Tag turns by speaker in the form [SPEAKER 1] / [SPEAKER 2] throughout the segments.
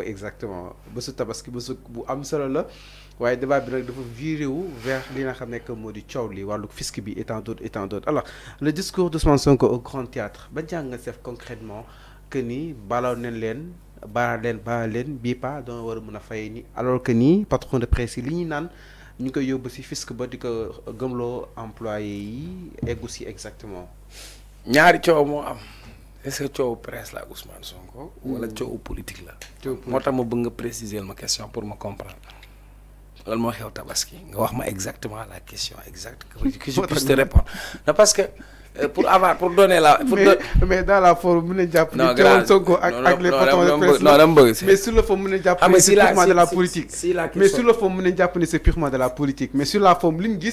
[SPEAKER 1] ko exactement bésu tabaski bésu bu am solo la waaye débat bi rek dafa viré wu vers li nga xam ne que moo di coow li wàllu fisc bi et tant d'autres et alors le discours d'Ousmane Sonko au Grand Théâtre ba jàng nga seef concrètement que ni balaw nañ leen baal leen baal leen bii pas doo war a mën a fay ni alors que ni patron de presse yi li ñuy naan ñu ngi koy yóbbu ci fisc ba di ko gëmloo employé yi eggu si exactement
[SPEAKER 2] ñaari coow moo am est-ce que au presse la Ousmane Sonko. wala hmm. coow politique la. moo tax ma bëgg nga préciser ma question pour me comprendre lan moo xew tabaski nga wax ma exactement la question exacte que je puisse te répondre non parce que euh, pour avoir pour donner
[SPEAKER 1] la. pour mais mais dans la forme mun na jàpp. non Sonko ak ak les patrons de presse non mais sur le fond mun na jàpp ah, c'est purement de la politique. mais sur le fond mun na jàpp c'est purement de la politique mais sur la forme li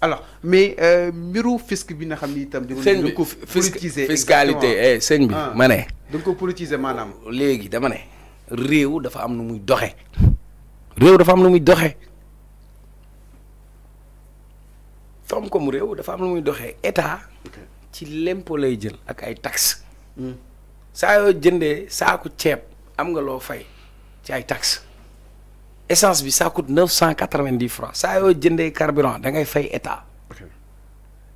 [SPEAKER 1] alors mais euh, mbiru fisc bi nga xam ni fiscalité eh, bi ah. mané Donc ko politiser manam légui dama né réew dafa am nu muy dafa
[SPEAKER 2] am muy fam comme réew dafa am nu muy doxé état ci lay jël ak ay taxes. Hmm. yo jëndé am nga fay taxes essence bi ça coûte 990 francs Ça, ça jëndé carburant da ngay fay état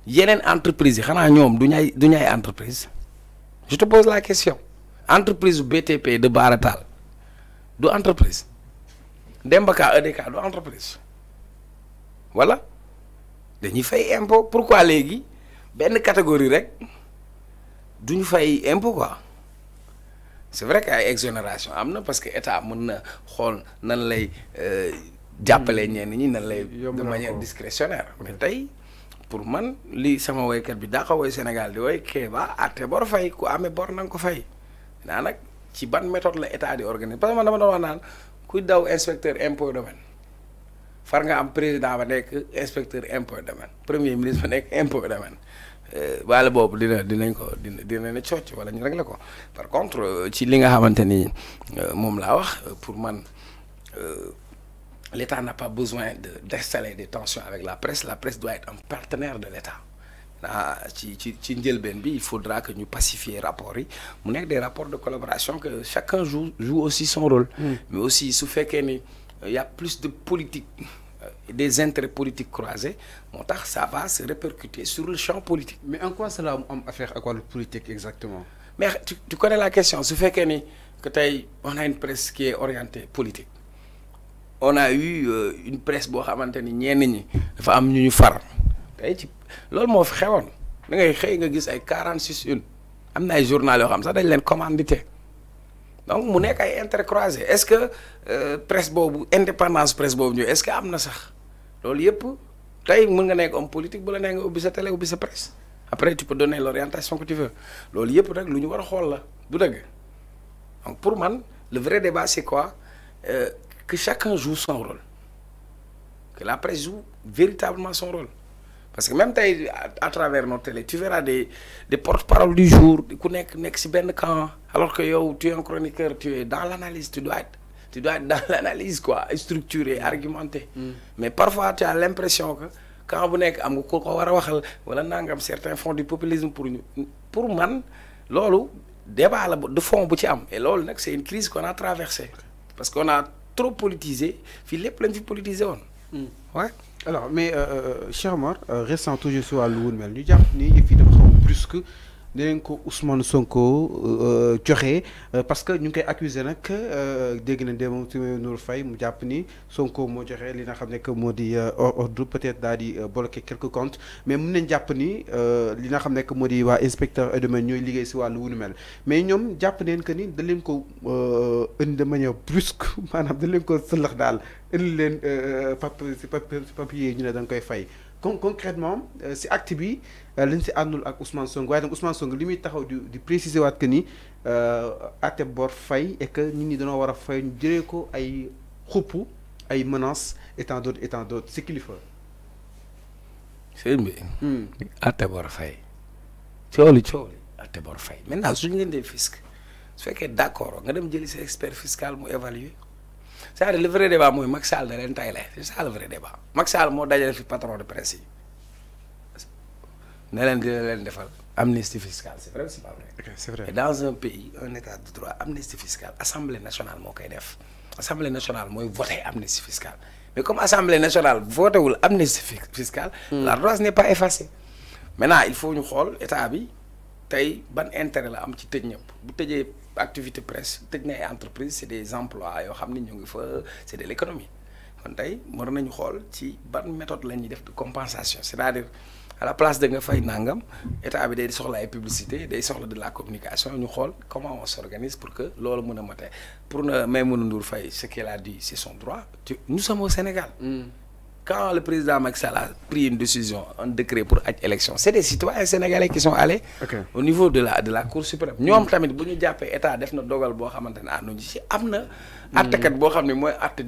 [SPEAKER 2] yenen entreprise xana ñom ñoom du ñay une entreprise je te pose la question entreprise BTP de Baratal du entreprise Il y EDK du entreprise voilà dañuy fay impôt pourquoi légui une catégorie rek y fay impôt quoi c'est vrai qu'il y a parce que l'État peut na nan lay euh, de manière discrétionnaire mais pour man li sama bi Sénégal di Kéba a bor fay ku que bor ko fay méthode l'État di parce que man dama wax qui inspecteur impôt domaine président inspecteur impôt premier ministre ba par contre l'État n'a pas besoin d'installer des tensions avec la presse la presse doit être un partenaire de l'État ah, il faudra que nous pacifions les rapports yi mu a des rapports de collaboration que chacun joue aussi son rôle. Mm. mais aussi su ni euh, y a plus de politique. Euh, des intérêts politiques croisés ça va se répercuter sur le champ politique. mais en quoi cela a affaire quoi le politique exactement. mais tu, connais la question Ce fait ni que on a une presse qui est orientée politique on a eu euh, une presse qui a été orientée ñi dafa am ñu ñu far dire. ci loolu moo fi xewoon da ngay nga gis ay 46 une il y a des journalistes qui ont dañ leen commandité donc mu nekk ay est-ce que euh, presse boobu indépendance presse est-ce que am na sax loolu yëpp tey mën nga nekk homme politique bu la nee nga ubbi sa télé sa presse après tu peux donner l'orientation que tu veux loolu yëpp rek lu ñu war a la du donc pour moi, le vrai débat c'est quoi euh, que chacun joue son rôle que la presse joue véritablement son rôle parce que même à travers nos télé tu verras des des porte-parole du jour alors que tu es un chroniqueur tu es dans l'analyse tu dois être tu dois être dans l'analyse quoi structuré argumenté mm. mais parfois tu as l'impression que quand bu certains font du populisme pour nous, pour débat
[SPEAKER 1] de
[SPEAKER 2] et c'est une crise qu'on a traversée parce qu'on a trop politisé puis
[SPEAKER 1] les plein fi politisé mm. ouais alors mais euh... toujours si je le y a jàpp ni brusque dinañ ko Ousmane Sonko euh, euh, joxe euh, parce que ñu ngi koy accusé nag dégg nañ démb si Nour fay mu jàpp ni Sonko moo joxe li nga xam ne que moo di ordre peut-être daal di bloqué quelques comptes mais mun nañ jàpp ni li nga xam ne moo di waa inspecteur et domaine ñooy liggéey si wàllu wu nu mel mais ñoom jàpp neen que ni da leen ko indi de manière brusque maanaam da leen ko sëllax daal indi leen papier papier ñu ne danga koy fay. concrètement c'est euh, acte bi euh, lañ si à ak Ousmane Sonko donc Ousmane Sonko limite à taxaw di préciser waat que ni euh, ate bor fay et que nit ñi dañoo war fay ñu jëlee ko ay xupp ay menaces d'autres d'autres et tant d'autres c'est kilifa. c'est bi. Hmm.
[SPEAKER 2] ate bor fay. coow li à ate bor fay
[SPEAKER 1] maintenant suñu leen dee fisc
[SPEAKER 2] su fekkee d'accord nga dem jëli c'est expert fiscal mu évaluer cest à le vrai débat mooy Macky Sall da c'est ça le vrai débat Macky Sall moo dajale fi patron de presse Il ne leen defal amnistie fiscale c'est vrai c'est pas vrai. Okay, c'est vrai et dans un pays un état de droit amnistie fiscale l'Assemblée nationale moo def nationale mooy voté amnistie fiscale mais comme l'Assemblée nationale voté l'amnistie amnistie fiscale. Hmm. la loi n'est pas effacée. maintenant il faut ñu l'État. état bi tey ban intérêt la am ci tëj activité presse technique et entreprise c'est des emplois c'est de l'économie kon tey war nañu ci ban méthode de compensation c'est-à-dire à la place de nga fay nangam état bi day soxla ay publicité day de la communication ñu comment on s'organise pour que loolu mën a pour ne même Ndour Faye ce qu'elle a dit c'est son droit nous sommes au Sénégal mm quand le président Macky Sall a pris une décision, un décret pour une c'est des citoyens sénégalais qui sont allés au niveau de la, de la Cour suprême. Nous avons dit que l'État a fait un dogal, àttekat boo xam ne mooy àtte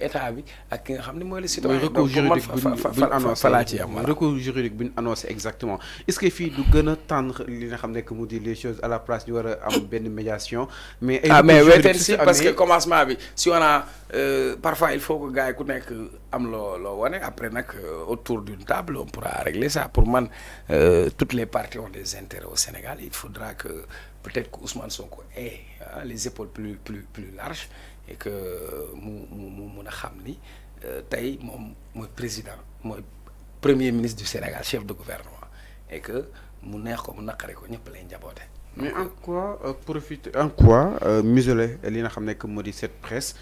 [SPEAKER 2] état bi ak ki nga moy le recours juridique fa ci am
[SPEAKER 1] recours juridique bi annoncé exactement est-ce que fi du gën tendre li nga que les choses à la place ñu wara am médiation mais ah mais weeteen ci parce que
[SPEAKER 2] commencement bi si on a euh, parfois il faut que gars yi ku nekk am lo lo wone après euh, autour d'une table on pourra régler ça pour man euh, toutes les parties ont des intérêts au Sénégal il faudra que peut-être que Ousmane Sonko ait hein, les épaules plus, plus, plus larges et que mu mu mun a xam ni euh, tey moom président mooy premier ministre du Sénégal chef de gouvernement et que mu neex ko mu naqare ko ñëpp lay njaboote.
[SPEAKER 1] mais en quoi euh, profiter en quoi euh, museler li nga xam ne que moo cette presse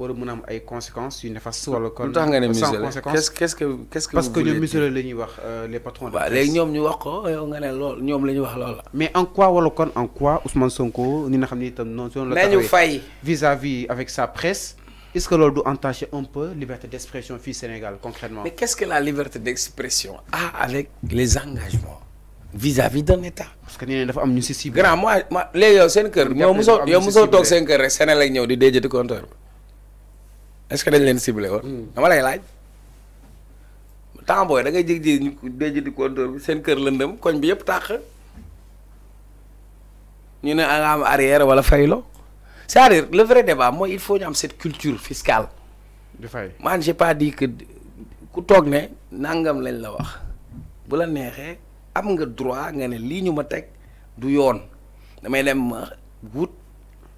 [SPEAKER 1] war a mën am ay conséquences yu néfaste wala kon. sans conséquence qu'est-ce que qu'est-ce que. parce que ñoom muselé la ñuy wax euh, les patrons de. waaw les ñom ñu wax ko yow nga ne lool ñom lañu wax lool mais en quoi wala kon en quoi Ousmane Sonko ni nga xamni tam non son la taxawee fay vis-à-vis avec sa presse. est-ce que lool du entacher un peu liberté d'expression fii Sénégal concrètement. mais qu'est-ce que la liberté d'expression a avec les
[SPEAKER 2] engagements. vis-à-vis d'un état. parce que nee dafa am ñu si ciblé. grand moi ma léegi yow seen kër. yow mosoo yow mosoo toog seen kër rek Sénégal ak ñëw di déjati compteur. est-ce que dañ leen ciblé woon. Hmm. dama lay laaj. da ngay jékki seen kër lëndëm koñ bi yëpp tàq. ne nga am wala faylo cest le vrai débat mooy il faut am cette culture fiscale. di fay toog ne nangam lañ la wax bu la neexee am nga droit nga ne lii ñu ma teg du yoon damay dem ma wut.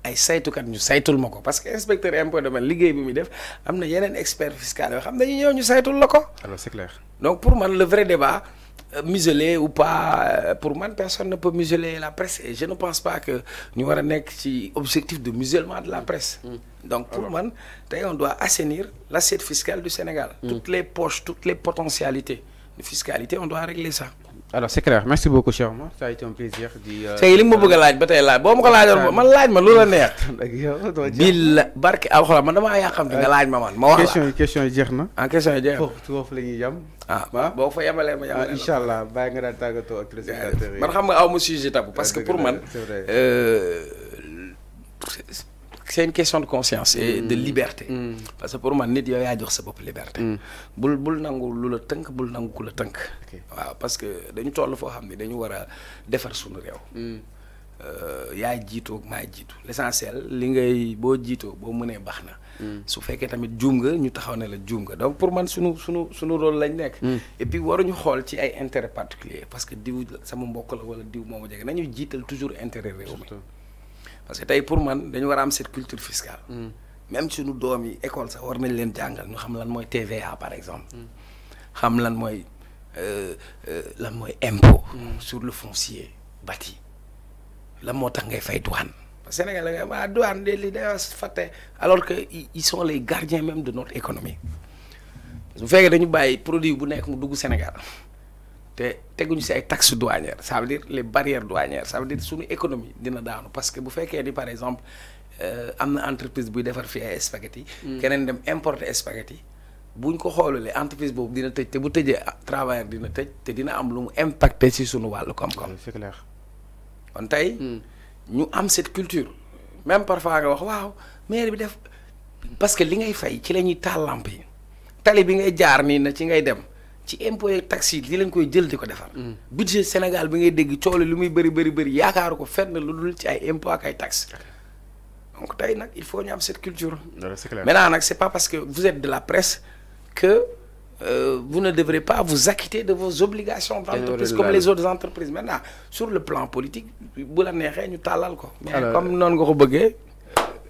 [SPEAKER 2] Et ça, c'est tout le monde. parce que inspecteur impôt domaine de bi muy def y un expert fiscal Il xam dañu ñu alors c'est clair. donc pour moi, le vrai débat euh, museler ou pas euh, pour moi, personne ne peut museler la presse et je ne pense pas que nous avons un objectif de musellement de la presse. Mm. donc pour moi, on doit assainir l'assiette fiscale du Sénégal. Mm. toutes les poches toutes les potentialités de fiscalité on doit régler ça.
[SPEAKER 1] alors c'est merci beaucoup cher Omar ça a été un plaisir di. Euh, tey li ma bëgg a laaj ba tey laaj boo ma ko laajoon man laaj ma lu la neex. bil barke alxuraan man damaa yàqamte nga laaj ma man ma wax question yi question yi jeex na. ah question yi jeex
[SPEAKER 2] la ñuy yem. Ah, ah. boo fa yemalee ma yemalee la ah, incha allah bàyyi nga daan tàggatoo ak man xam nga aw ma sujet tabou parce que pour man. c'est une question de conscience et de mm. liberté mm. parce que pour moi nit yow yaa jox sa bop liberté mm. bul bul nangu lu la bul nangu ku la wa parce que dañu toll fo xamni dañu wara war suñu defar euh yaay yaa ak maa jitu l'essentiel li ngay bo jiitoo bo mënee baxna su fekkee tamit djum nga ñu taxaw ne la djum nga donc pour man suñu suñu suñu rôle lañ nekk et puis waruñu xol ci ay intérêt particulier parce que diw sama mbokk la wala diw moma jege nañu jiital toujours intérêt réew mi parce que pour moi, nous avons cette culture fiscale. Mm. même si nous yi école ça war nañ TVA par exemple. Nous mm. lan euh, euh, l'impôt mm. sur le foncier bâti. Nous avons tax ngay fay douane. Sénégal ah, de li alors qu'ils sont les gardiens même de notre économie Nous faisons dañu produits produit bu au Sénégal te teguñu si ay taxes douanières ça veut dire les barrières douanières ça veut dire suñu économie dina daanu parce que bu vous faites par exemple une euh, na entreprise qui defar fii ay spaghetti qui hmm. dem importer spaghetti buñ ko xoolalee entreprise boobu dina tëj te bu tëjee ah, travailleur dina tëj te dina am lu impacté c'est clair kon tey hmm. ñu am cette culture même parfois nga wax waaw maire bi def parce que li ngay fay ci la ñuy tàllamp yi tali bi ngay jaar nii na ci ngay dem ci impôt yeeg taxes li leen koy jël di ko
[SPEAKER 1] mm.
[SPEAKER 2] budget Sénégal bi ngay dégg coole lu muy bëri bëri bëri yaakaar ko fenn lu dul ci ay impôt ak taxes. donc tey nag il faut ñu am cette culture. maintenant nag c' pas parce que vous êtes de la presse que euh, vous ne devrez pas vous acquitter de vos obligations. d'entreprise comme les autres entreprises maintenant sur le plan politique bu la neexee ñu tàllal ko. mais comme noonu nga
[SPEAKER 1] ko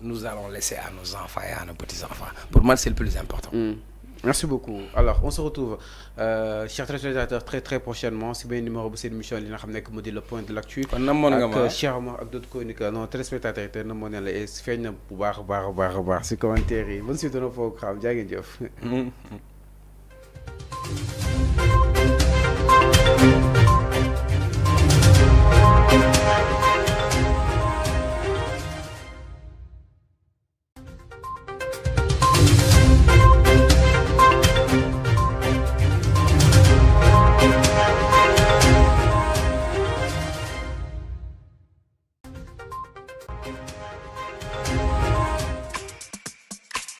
[SPEAKER 1] nous allons laisser à nos enfants et à nos petits-enfants. Pour moi, c'est le plus important. Mm. Merci beaucoup. Alors, on se retrouve, euh, chers très très prochainement. C'est bien numéro de cette il y a le point de l'actu.